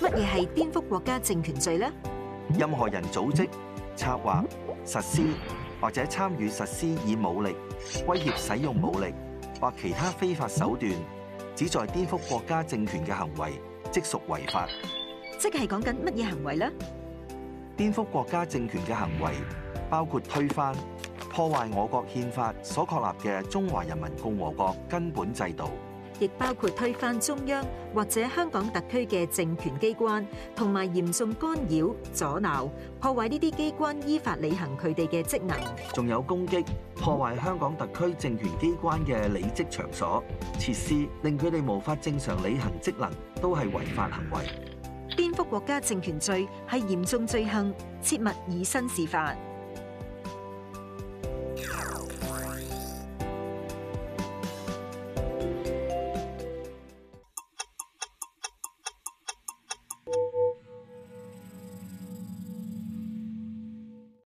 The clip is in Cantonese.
乜嘢係顛覆國家政權罪呢？任何人組織、策劃、實施或者參與實施以武力、威脅使用武力或其他非法手段，旨在顛覆國家政權嘅行為，即屬違法。即係講緊乜嘢行為呢？顛覆國家政權嘅行為包括推翻、破壞我國憲法所確立嘅中華人民共和國根本制度。亦包括推翻中央或者香港特區嘅政權機關，同埋嚴重干擾、阻撓、破壞呢啲機關依法履行佢哋嘅職能，仲有攻擊、破壞香港特區政權機關嘅理職場所設施，令佢哋無法正常履行職能，都係違法行為。顛覆國家政權罪係嚴重罪行，切勿以身試法。